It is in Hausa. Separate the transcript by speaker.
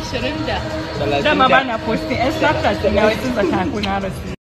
Speaker 1: Ishirin da. Dama ba na posting, 'yan status na wasu tsakakuna rasu.